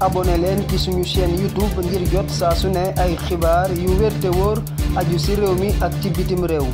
abone leen ki suñu chaîne YouTube ngir jot saa su ne ay xibaar yu wér te wóor aju ci réew mi ak ci bitim réew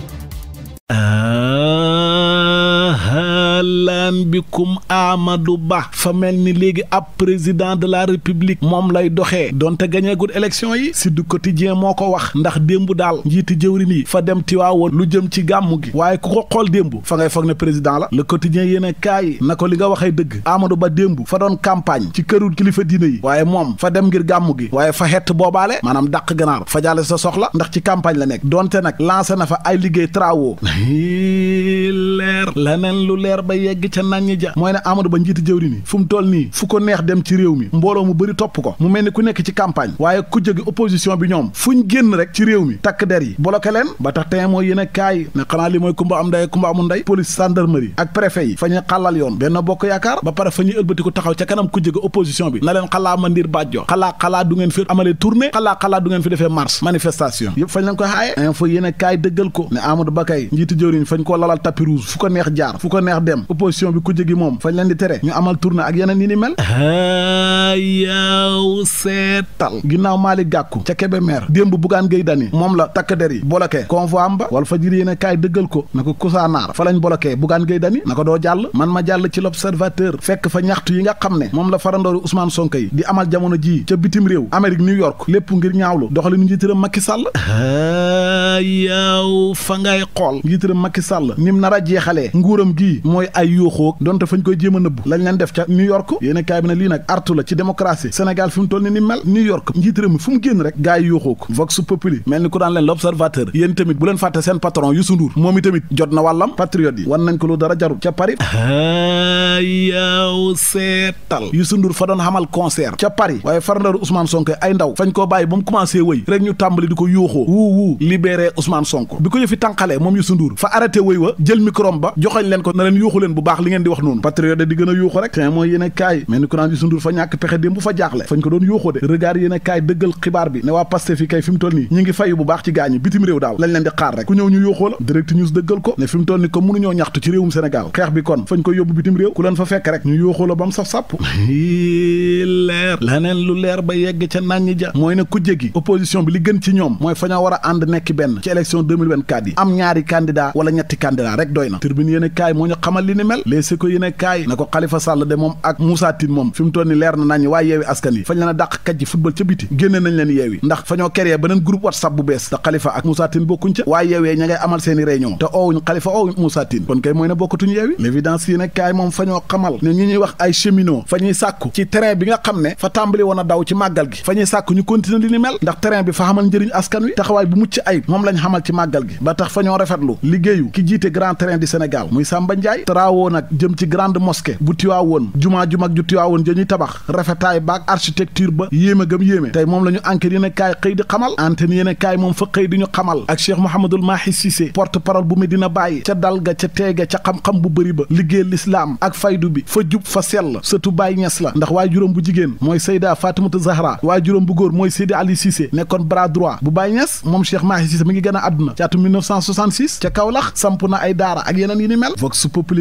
yàllaan bikum Amadou Ba fa mel ni léegi ab président de la république moom lay doxee donte gañeegul élection yi si du quotidien moo ko wax ndax démb daal njiiti jëwrin yi fa dem Tiwaawoon lu jëm ci gàmmu gi waaye ku ko xool démb fa ngay foog ne président la le quotidien yéen kaay na ko li nga waxee dëgg amadu Ba démb fa doon campagne ci këru kilifa diine yi waaye moom fa dem ngir gàmmu gi waaye fa xett boobaale maanaam dàq ganaar fa jaale sa soxla ndax ci campagne la nekk donte nag lancé na fa ay liggéey travaux yegg ca nañ ja mooy ne Amadou Ba njiiti jëwriñ yi fu mu nii fu ko neex dem ci réew mi mbooloo mu bëri topp ko mu mel ni ku nekk ci campagne waaye ku jóge opposition bi ñoom fu ñu génn rek ci réew mi takk der yi bloqué leen ba tax tey mooy yéen a kaay ne xanaa li mooy kumba am nday kumba amul nday police gendarmerie ak préfet yi fa xàllal yoon benn bokk yaakaar ba pare fa ñuy taxaw ca kanam ku jóge opposition bi na leen xalaa mandir bàjjo xalaa xalaa du ngeen fi a kaay dëggal ko ne Amadou Ba kay njiiti jëwriñ fañ opposition bi ku gi moom fañ leen di tere ñu amal tournée ak yeneen yi ni mel yaw seetal ginnaaw Malick Gakou ca Kébémer démb Bougane Gueye Dany moom la takk der yi bloqué convoi am ba wala fa jir yéene kaay dëggal ko na ko kusaanaar fa lañ bloqué Bougane Gueye Dany na ko doo jàll man ma jàll ci l'observateur fekk fa ñaxtu yi nga xam ne moom la farandooru Ousmane Sonko yi di amal jamono ji ca bitim réew Amérique New York lépp ngir ñaawlu doxalinu njiitëram Macky Sall yaw fa ngay xool njiitëram Macky Sall ay yuuxóog donte fañ koy jéem a nëbb lañ leen def ca New York kaay bi ne lii nag artu la ci démocratie Sénégal fi mu toll ni ni mel New York mi fu mu génn rek gaa yi yuuxóog vox populi mel ni ku daan leen l'observateur yéen tamit bu leen fàtte seen patron Youssou Ndour moom i tamit jot na wàllam patriote yi wan ko dara jarul ca Paris yaaw seetal Youssou Ndour fa doon xamal concert ca Paris waaye farandaru Ousmane Sonko ay ndaw fañ ba mu commencé wëy rek ñu tàmbali di ko yuuxoo wuu wuu libéré Ousmane Sonko bi ko yëfi tànqalee moom Youssou Ndour fa arrêté wëy neexu leen bu baax li ngeen di wax noonu patriote di gën a rek fin mooy yéene kaay mais ni ko fa ñàkk pexe démb fa jaaxle fañ ko doon yuuxoo de regard yéene dëggal xibaar bi ne waa Pastef yi kay fi toll nii ñi ngi fayu bu baax ci gaañi bitim réew daal lañ leen di xaar rek ku ñëw ñu yuuxoo la direct news dëggal ko ne fi toll nii comme mënuñoo ñaxtu ci réewum Sénégal xeex bi kon fañ ko yóbbu bitim réew ku leen fa fekk rek ñu yuuxoo li ni mel léeg si ko yéene kaay na ko Khalifa Sall de moom ak Moussa Tine moom fi mu leer na nañ waaye yeewi askan yi fañ leen a dàq kat ji ca biti génne nañ leen yeewi ndax fa ñoo créé beneen groupe WhatsApp bu bees te Khalifa ak Moussa bokkuñ ca waaye yeewee ña amal seeni réunion te oowuñ Khalifa oowuñ Moussa kon kay mooy ne bokkatuñ yeewi l'évidence yéene kaay moom fa xamal ne ñu ñuy wax ay cheminot fa sàkku ci terrain bi nga xam ne fa tàmbali raawoo nag jëm ci grande mosquée bu Tiwaawoon jumaa ju mag ju Tiwaawoon ja ñuy tabax rafetaay baak architecture ba yéeme gëm yéeme a a kaay moom fa ca dal ca teega ca xam-xam bu bëri ba liggéey lislaam ak faydu bi fa jub fa sell sëtu Baye Ñas la ndax waay juróom bu jigéen mooy Seyda Fatimata Zahra waay juróom bu góor mooy Seydi Ali nekkoon bras droit bu Baye Ñas moom Cheikh Mahi mi ngi gën a àdduna ci atum 1966 samp na ay daara ak yeneen yi ni mel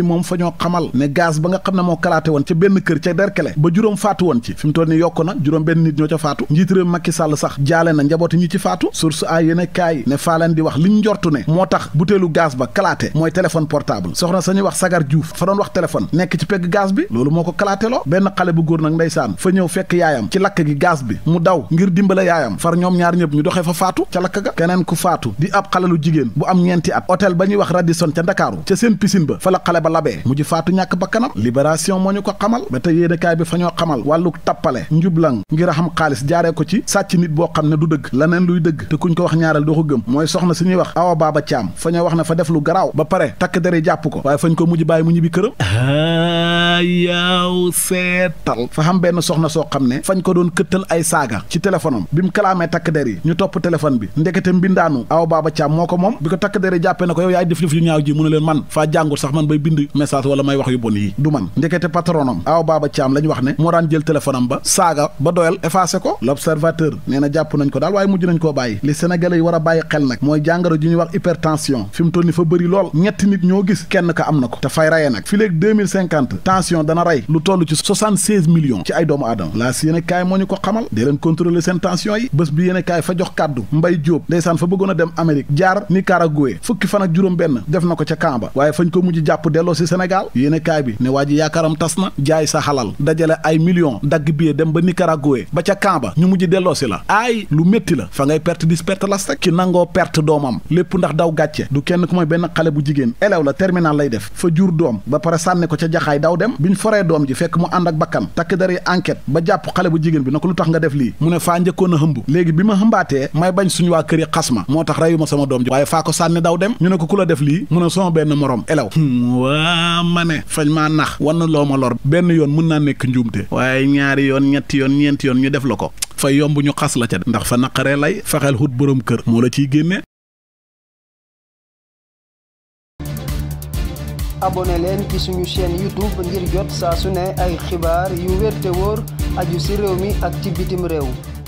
moom fa ñoo xamal ne gaz ba nga xam ne moo kalaate woon ca benn kër ca derkele ba juróom faatu woon ci fi mu ni yokk na juróom benn nit ñoo ca faatu njiit réew Macky sax jaale na njabooti ñi ci faatu source a yéen kaay ne faa di wax liñ njortu ne moo tax butéelu gaz ba kalaate mooy téléphone portable soxna sañuy wax sagar Diouf fa doon wax téléphone nekk ci pegg gaz bi loolu moo ko kalaateloo benn xale bu góor nag ndeysaan fa ñëw fekk yaayam ci lakk gi gaz bi mu daw wax Radisson ca Ndakaaru labee mujj faatu ñàkk bakkanam libération moo ñu ko xamal ba tey yéenekaay bi fa ñoo xamal wàllu tappale njublang ngir a xam xaalis jaaree ko ci sàcc nit boo xam ne du dëgg laneen luy dëgg te kuñ ko wax ñaaral doo ko gëm mooy soxna suñuy wax awa baaba caam fa ñoo wax ne fa def lu garaaw ba pare takk dere jàpp ko waaye fañ ko mujj bàyyi mu ñibbi këram ah, yaaw seetal fa xam benn soxna soo xam ne fañ ko doon këttal ay saaga ci téléphone am bi mu kalaamee takk ñu topp téléphone bi ndekete bi ko takk dere jàppee na ko yow yaay def def yu ñaaw message wala may wax yu bon yi du man ndekete patronam aaw baaba caam la wax ne moo daan jël téléphone ba saaga ba doyal effacé ko l' observateur nee na jàpp nañ ko daal waaye mujj nañ koo bàyyi li sénégalais yi war a bàyyi xel nag mooy jàngoro ji ñuy wax hypertension fi mu ni fa bëri lool ñetti nit ñoo gis kenn ka am na ko te fay rayee nag fi léeg dana rey lu toll ci 76 ci ay doomu aadama laa si yéene kaay moo ñu ko xamal dee leen contrôler seen tension yi bés bi yéene kaay fa jox kàddu mbay jóob ndeysaan fa a dem amérique def na ko ca camp ba waaye fañ ko mujj si Sénégal yéene kaay bi ne waa ji yaakaaram tas na jaay sa xalal dajale ay millions dagg billet dem ba Nicaragua ba ca camp ñu mujj delloo si la aay lu métti la fa ngay perte dis perte las rek ki nangoo perte doomam lépp ndax daw gàcce du kenn ku mooy benn xale bu jigéen elew la terminal lay def fa jur doom ba pare sànni ko ca jaxaay daw dem ñu foree doom ji fekk mu ànd ak bakkan takk dari enquête ba jàpp xale bu jigéen bi na ko lu tax nga def lii mu ne faa njëkkoon a hëmb léegi bi ma hëmbaatee may bañ suñu waa kër yi xas moo tax reyu ma sama doom ji waaye faa sànni daw dem ñu ne ko ku la def lii mu ne sama benn maa ma ne nax wan loo ma lor benn yoon mën naa nekk njuumte waaye ñaari yoon ñetti yoon ñeenti yoon ñu def la ko fa yomb ñu xas la ca ndax fa naqaree lay fexeel xut boroom kër moo la ciy génne abonné leen ci suñu chaîne youtube ngir jot saa su ne ay xibaar yu wér wóor aju ci réew mi ak ci bitim réew